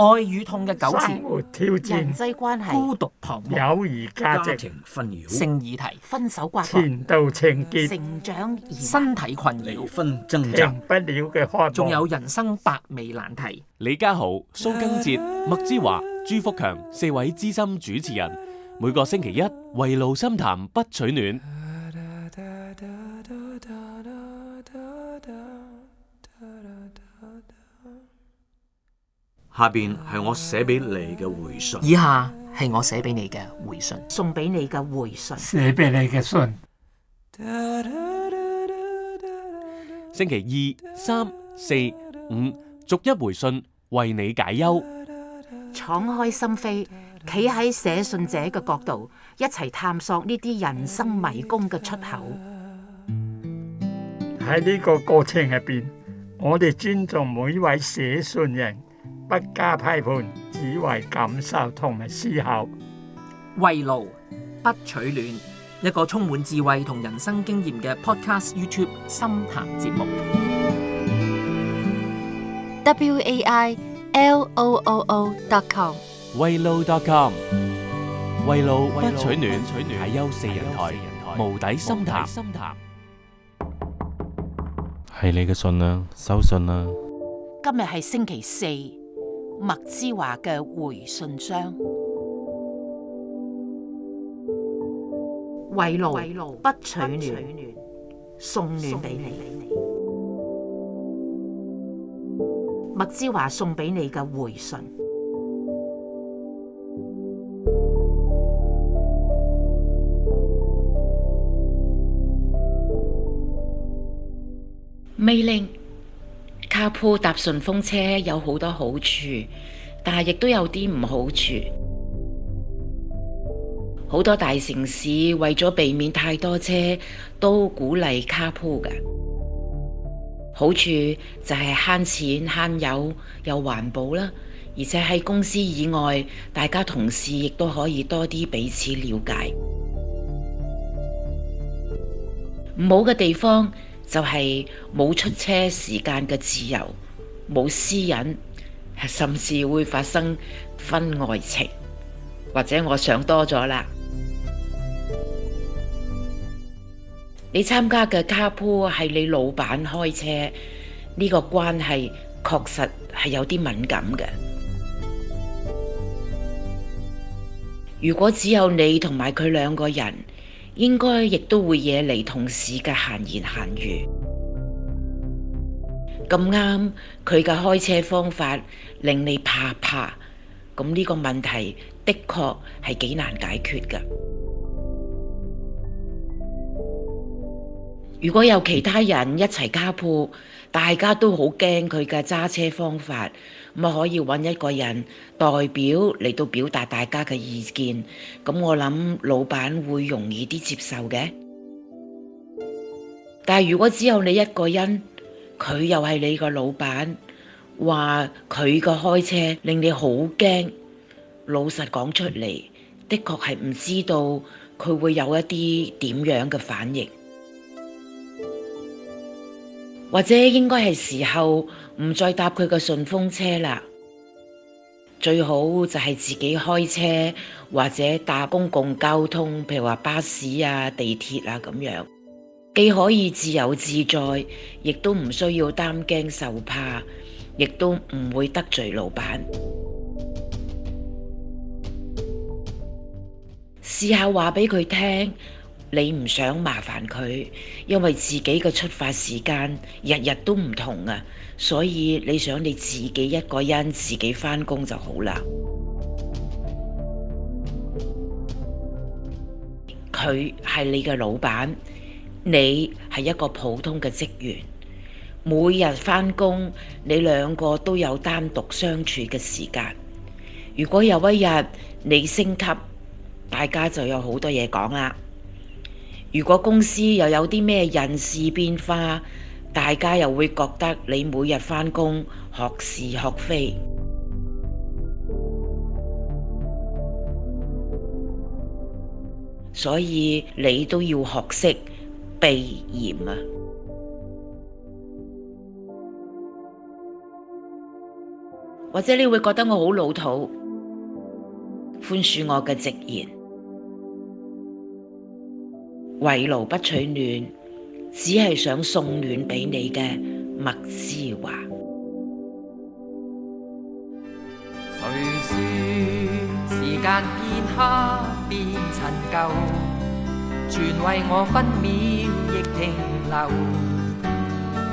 愛與痛嘅糾纏，挑戰人際關係，孤獨彷徨，友誼價值，家庭紛擾，成疑題，分手瓜葛，前度情結，成長，身體困擾，婚姻，不了嘅誇張，仲有人生百味難題。李嘉豪、蘇根哲、麥之華、朱福強四位資深主持人，每個星期一圍爐深談不取暖。下邊係我寫俾你嘅回信。以下係我寫俾你嘅回信，送俾你嘅回信，寫俾你嘅信。星期二、三、四、五，逐一回信，為你解憂，敞開心扉，企喺寫信者嘅角度，一齊探索呢啲人生迷宮嘅出口。喺呢個過程入邊，我哋尊重每一位寫信人。不加批判，只為感受同埋思考。慰勞不取暖，一個充滿智慧同人生經驗嘅 Podcast YouTube 深談節目。W A I L O O O dot com。慰勞 dot com。慰勞不取暖，大優四人台，無底深談。係你嘅信啊，收信啊。今日係星期四。麥之華嘅回信箱，圍爐不取暖，送暖俾你。暖麥之華送俾你嘅回信未令。」卡鋪搭順風車有好多好處，但係亦都有啲唔好處。好多大城市為咗避免太多車，都鼓勵卡鋪嘅。好處就係慳錢慳油又環保啦，而且喺公司以外，大家同事亦都可以多啲彼此了解。唔好嘅地方，就係冇出車時間嘅自由，冇私隱，甚至會發生婚外情，或者我想多咗啦。你參加嘅卡鋪係你老闆開車，呢個關係確實係有啲敏感嘅。如果只有你同埋佢兩個人，應該亦都會惹嚟同事嘅閒言閒語。咁啱佢嘅開車方法令你怕怕，咁呢個問題的確係幾難解決㗎。如果有其他人一齊加鋪，大家都好驚佢嘅揸車方法，咁可以揾一個人代表嚟到表達大家嘅意見。咁我諗老闆會容易啲接受嘅。但如果只有你一個人，佢又係你個老闆，話佢個開車令你好驚。老實講出嚟，的確係唔知道佢會有一啲點樣嘅反應。或者應該係時候唔再搭佢嘅順風車啦，最好就係自己開車或者搭公共交通，譬如話巴士啊、地鐵啊咁樣，既可以自由自在，亦都唔需要擔驚受怕，亦都唔會得罪老闆。試下話俾佢聽。你唔想麻煩佢，因為自己嘅出發時間日日都唔同呀，所以你想你自己一個人自己返工就好啦。佢係你嘅老闆，你係一個普通嘅職員，每日返工，你兩個都有單獨相處嘅時間。如果有一日你升級，大家就有好多嘢講啦。如果公司又有啲咩人事變化，大家又會覺得你每日返工學是學非，所以你都要學識避嫌啊！或者你會覺得我好老土，寬恕我嘅直言。圍爐不取暖，只係想送暖俾你嘅麥之華。誰說時間變黑變陳舊？全為我分秒亦停留，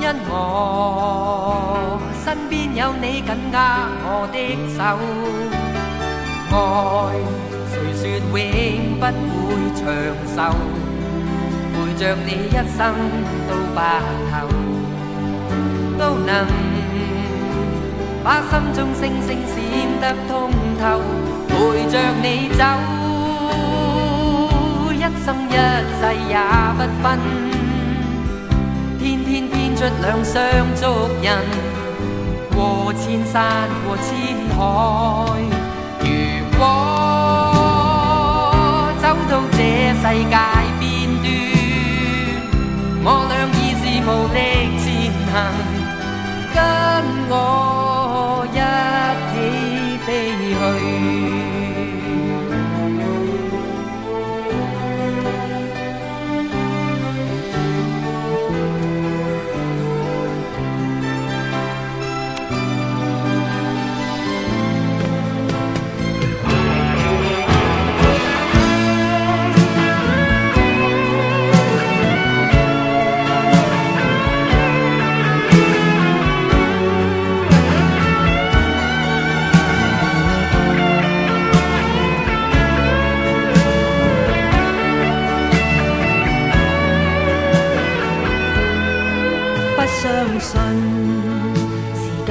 因我身邊有你緊握我的手。愛，誰說永不會長壽？陪着你一生到白頭，都能把心中星星閃得通透。陪着你走，一生一世也不分。天天編出兩雙足印，過千山過千海。如果走到這世界。我倆已是無力前行，跟我一起飛去。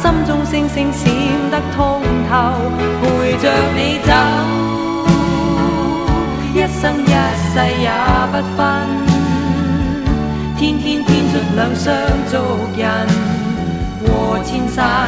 心中星星閃得通透，陪着你走，一生一世也不分，天天編出兩雙足印，和千山。